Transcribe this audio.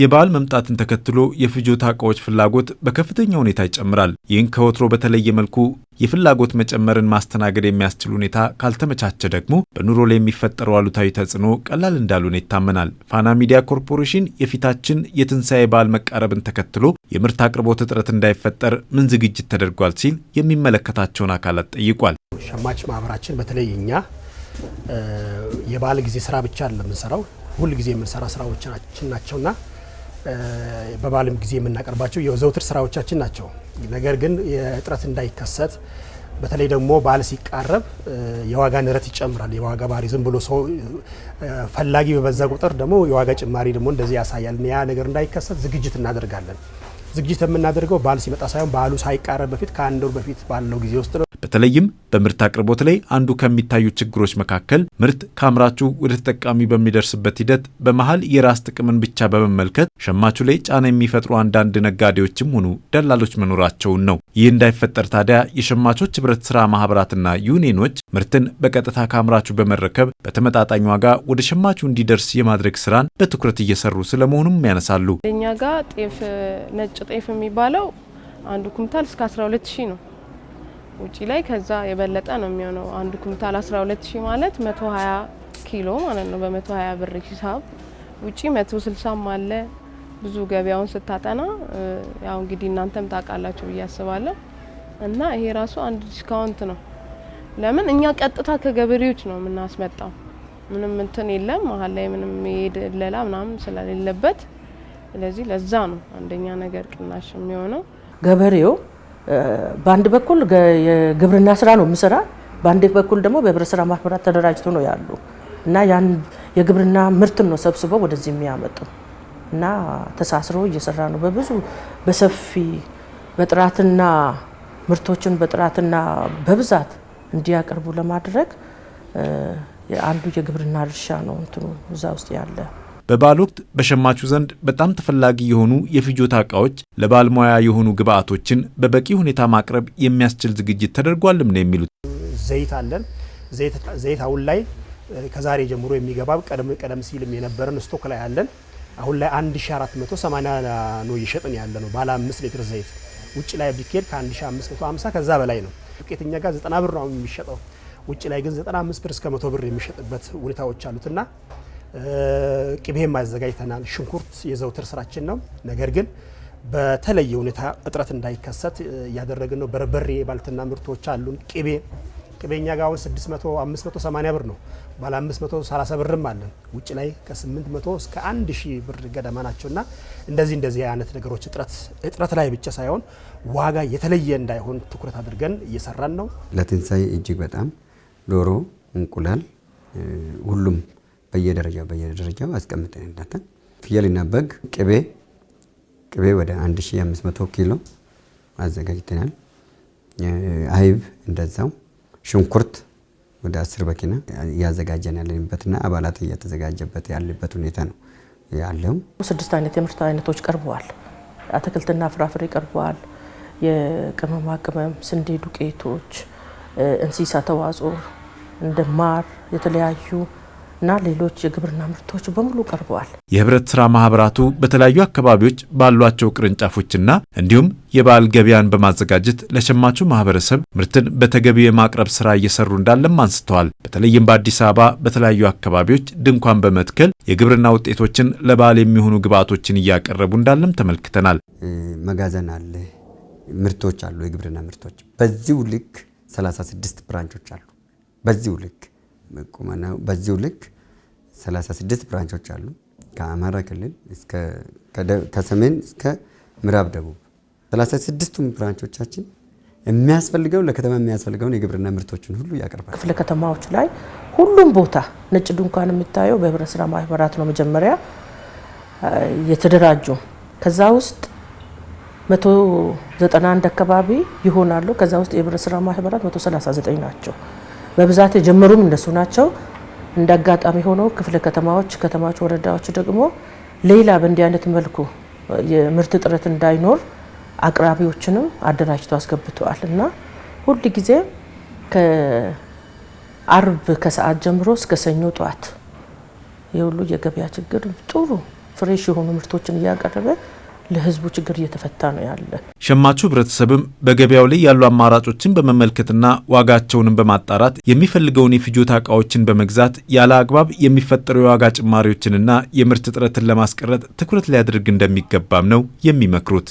የበዓል መምጣትን ተከትሎ የፍጆታ እቃዎች ፍላጎት በከፍተኛ ሁኔታ ይጨምራል። ይህን ከወትሮ በተለየ መልኩ የፍላጎት መጨመርን ማስተናገድ የሚያስችል ሁኔታ ካልተመቻቸ ደግሞ በኑሮ ላይ የሚፈጠረው አሉታዊ ተጽዕኖ ቀላል እንዳልሆነ ይታመናል። ፋና ሚዲያ ኮርፖሬሽን የፊታችን የትንሣኤ በዓል መቃረብን ተከትሎ የምርት አቅርቦት እጥረት እንዳይፈጠር ምን ዝግጅት ተደርጓል ሲል የሚመለከታቸውን አካላት ጠይቋል። ሸማች ማህበራችን በተለይ እኛ የበዓል ጊዜ ስራ ብቻ ለምንሰራው የምንሰራው ሁል ጊዜ የምንሰራ ስራዎቻችን ናቸውና በበዓልም ጊዜ የምናቀርባቸው የዘውትር ስራዎቻችን ናቸው። ነገር ግን የእጥረት እንዳይከሰት በተለይ ደግሞ በዓል ሲቃረብ የዋጋ ንረት ይጨምራል። የዋጋ ባህሪ ዝም ብሎ ሰው ፈላጊ በበዛ ቁጥር ደግሞ የዋጋ ጭማሪ ደግሞ እንደዚህ ያሳያል። ያ ነገር እንዳይከሰት ዝግጅት እናደርጋለን። ዝግጅት የምናደርገው በዓል ሲመጣ ሳይሆን በዓሉ ሳይቃረብ በፊት ከአንድ ወር በፊት ባለው ጊዜ ውስጥ ነው። በተለይም በምርት አቅርቦት ላይ አንዱ ከሚታዩ ችግሮች መካከል ምርት ከአምራቹ ወደ ተጠቃሚ በሚደርስበት ሂደት በመሀል የራስ ጥቅምን ብቻ በመመልከት ሸማቹ ላይ ጫና የሚፈጥሩ አንዳንድ ነጋዴዎችም ሆኑ ደላሎች መኖራቸውን ነው። ይህ እንዳይፈጠር ታዲያ የሸማቾች ህብረት ስራ ማህበራትና ዩኒየኖች ምርትን በቀጥታ ከአምራቹ በመረከብ በተመጣጣኝ ዋጋ ወደ ሸማቹ እንዲደርስ የማድረግ ስራን በትኩረት እየሰሩ ስለመሆኑም ያነሳሉ። እኛ ጋር ጤፍ ነጭ ጤፍ የሚባለው አንዱ ኩምታል እስከ 12 ሺህ ነው ውጪ ላይ ከዛ የበለጠ ነው የሚሆነው። አንድ ኩንታል 12 ሺህ ማለት 120 ኪሎ ማለት ነው። በ120 ብር ሂሳብ ውጪ 160 አለ። ብዙ ገበያውን ስታጠና ያው እንግዲህ እናንተም ታውቃላችሁ ብዬ አስባለሁ። እና ይሄ ራሱ አንድ ዲስካውንት ነው። ለምን እኛ ቀጥታ ከገበሬዎች ነው የምናስመጣው። ምንም እንትን የለም መሀል ላይ ምንም የሄድ ለላ ምናምን ስለሌለበት፣ ስለዚህ ለዛ ነው አንደኛ ነገር ቅናሽ የሚሆነው ገበሬው በአንድ በኩል የግብርና ስራ ነው የምሰራ፣ በአንድ በኩል ደግሞ በህብረት ስራ ማህበራት ተደራጅቶ ነው ያሉ እና ያን የግብርና ምርትን ነው ሰብስበው ወደዚህ የሚያመጡ እና ተሳስሮ እየሰራ ነው በብዙ በሰፊ በጥራትና ምርቶችን በጥራትና በብዛት እንዲያቀርቡ ለማድረግ አንዱ የግብርና እርሻ ነው እንትኑ እዛ ውስጥ ያለ በበዓል ወቅት በሸማቹ ዘንድ በጣም ተፈላጊ የሆኑ የፍጆታ እቃዎች፣ ሙያ የሆኑ ግብአቶችን በበቂ ሁኔታ ማቅረብ የሚያስችል ዝግጅት ተደርጓልም ነው የሚሉት። ዘይት አለን። ዘይት አሁን ላይ ከዛሬ ጀምሮ የሚገባ ቀደም ቀደም ሲልም የነበረን ስቶክ ላይ አለን። አሁን ላይ 1480 ነው እየሸጥን ያለ ነው። ባለ 5 ሊትር ዘይት ውጭ ላይ ቢኬድ ከ1550 ከዛ በላይ ነው። ዱቄት ጋር 90 ብር ነው የሚሸጠው። ውጭ ላይ ግን 95 ብር እስከ 100 ብር የሚሸጥበት ሁኔታዎች አሉትና ቅቤም አዘጋጅተናል። ሽንኩርት የዘውትር ስራችን ነው። ነገር ግን በተለየ ሁኔታ እጥረት እንዳይከሰት እያደረግን ነው። በርበሬ ባልትና ምርቶች አሉን። ቅቤ ቅቤኛ ጋር አሁን 600 580 ብር ነው። ባለ 530 ብርም አለን። ውጭ ላይ ከ800 እስከ 1000 ብር ገደማ ናቸውና እንደዚህ እንደዚህ አይነት ነገሮች እጥረት እጥረት ላይ ብቻ ሳይሆን ዋጋ የተለየ እንዳይሆን ትኩረት አድርገን እየሰራን ነው። ለትንሳኤ እጅግ በጣም ዶሮ፣ እንቁላል ሁሉም በየደረጃው በየደረጃው አስቀምጠን እንዳታን ፍየልና በግ ቅቤ ቅቤ ወደ 1500 ኪሎ አዘጋጅተናል። አይብ እንደዛው ሽንኩርት ወደ አስር በኪና እያዘጋጀን ያለንበትና አባላት እየተዘጋጀበት ያለበት ሁኔታ ነው ያለው። ስድስት አይነት የምርት አይነቶች ቀርበዋል። አትክልትና ፍራፍሬ ቀርበዋል። የቅመማ ቅመም፣ ስንዴ ዱቄቶች፣ እንስሳ ተዋጽኦ እንደ ማር የተለያዩ እና ሌሎች የግብርና ምርቶች በሙሉ ቀርበዋል። የህብረት ስራ ማህበራቱ በተለያዩ አካባቢዎች ባሏቸው ቅርንጫፎችና እንዲሁም የበዓል ገበያን በማዘጋጀት ለሸማቹ ማህበረሰብ ምርትን በተገቢ የማቅረብ ስራ እየሰሩ እንዳለም አንስተዋል። በተለይም በአዲስ አበባ በተለያዩ አካባቢዎች ድንኳን በመትከል የግብርና ውጤቶችን ለበዓል የሚሆኑ ግብዓቶችን እያቀረቡ እንዳለም ተመልክተናል። መጋዘን አለ፣ ምርቶች አሉ፣ የግብርና ምርቶች በዚሁ ልክ 36 ብራንቾች አሉ በዚሁ ልክ ቁመና በዚሁ ልክ 36 ብራንቾች አሉ። ከአማራ ክልል ከሰሜን እስከ ምዕራብ ደቡብ 36ቱም ብራንቾቻችን የሚያስፈልገው ለከተማ የሚያስፈልገውን የግብርና ምርቶችን ሁሉ ያቀርባል። ክፍለ ከተማዎች ላይ ሁሉም ቦታ ነጭ ድንኳን የሚታየው በህብረት ስራ ማህበራት ነው። መጀመሪያ የተደራጁ ከዛ ውስጥ 191 አካባቢ ይሆናሉ። ከዛ ውስጥ የህብረት ስራ ማህበራት 139 ናቸው። በብዛት የጀመሩም እነሱ ናቸው። እንደ አጋጣሚ ሆኖ ክፍለ ከተማዎች፣ ከተማዎች፣ ወረዳዎች ደግሞ ሌላ በእንዲህ አይነት መልኩ የምርት እጥረት እንዳይኖር አቅራቢዎችንም አደራጅቶ አስገብተዋል እና ሁል ጊዜ ከአርብ ከሰዓት ጀምሮ እስከ ሰኞ ጠዋት የሁሉ የገበያ ችግር ጥሩ ፍሬሽ የሆኑ ምርቶችን እያቀረበ ለህዝቡ ችግር እየተፈታ ነው ያለ። ሸማቹ ህብረተሰብም በገበያው ላይ ያሉ አማራጮችን በመመልከትና ዋጋቸውንም በማጣራት የሚፈልገውን የፍጆታ እቃዎችን በመግዛት ያለ አግባብ የሚፈጠሩ የዋጋ ጭማሪዎችንና የምርት እጥረትን ለማስቀረት ትኩረት ሊያደርግ እንደሚገባም ነው የሚመክሩት።